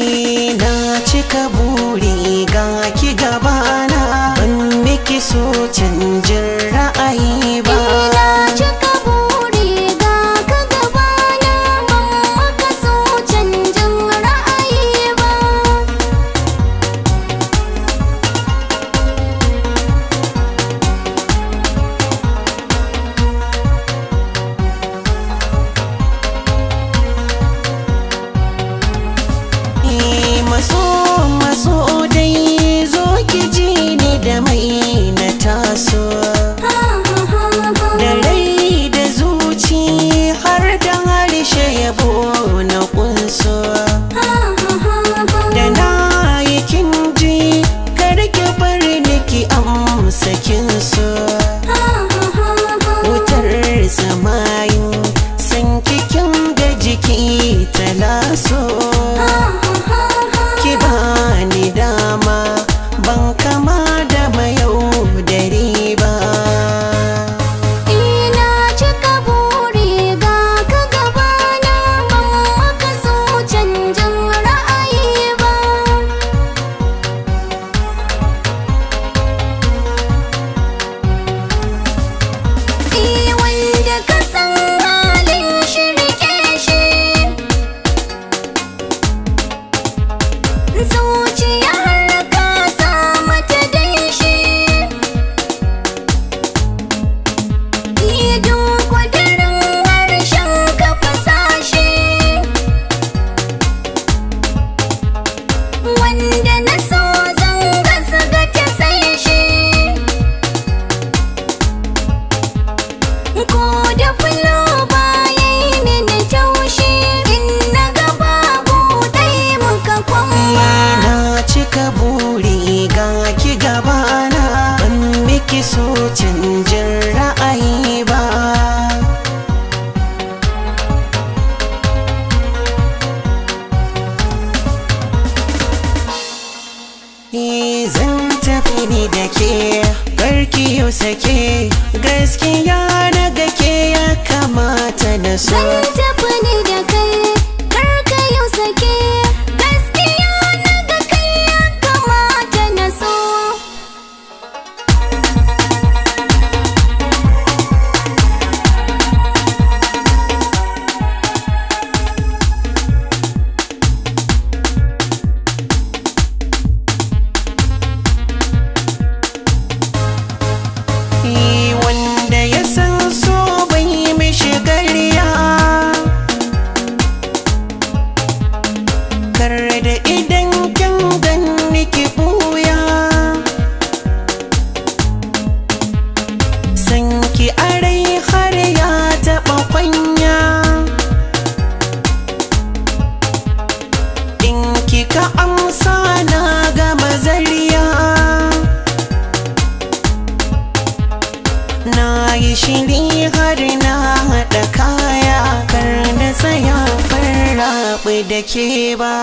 daɗi na cika buri ga ki gabana ban miki so canjin da mai na taso da rai da zuci har da harshe yabo na kunso da na yi kinji karki bari niki amsa kinso wutar samayin san kikin ga jiki talaso ki bani dama ban kama so canjin ra'ayi ba zan tafi ni da ke barki yau sake gaskiya na gake ya kamata na so ka amsa na gama zariya na yi shiri har na haɗa kaya kar na saya farraɓi da ke ba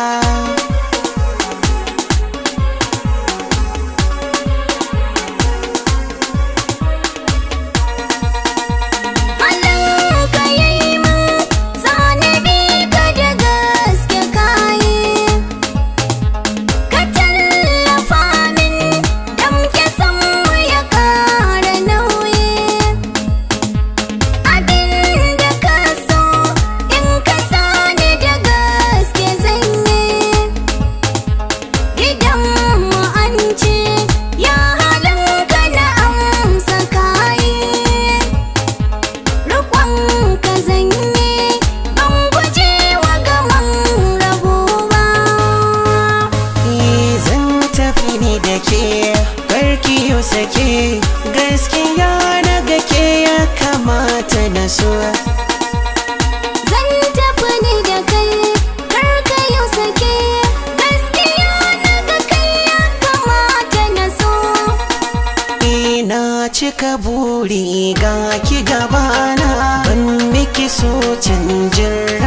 cika buri ga ki gabana ban miki so canjin